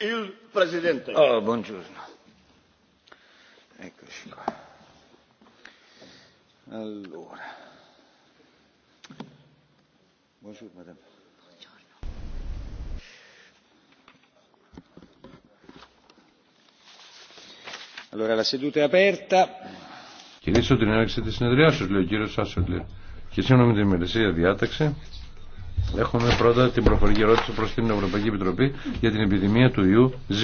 Il Presidente. Oh, buongiorno. Eccoci qua. Allora. Buongiorno, madame. Buongiorno. Allora, la seduta è aperta. Κυρίσω την έναρξη της συνεδριάσεως, λέει ο Che Σάσολε. Και σύμφωνα di την di διάταξη, Έχουμε πρώτα την προφορική ερώτηση προς την Ευρωπαϊκή Επιτροπή για την επιδημία του ιού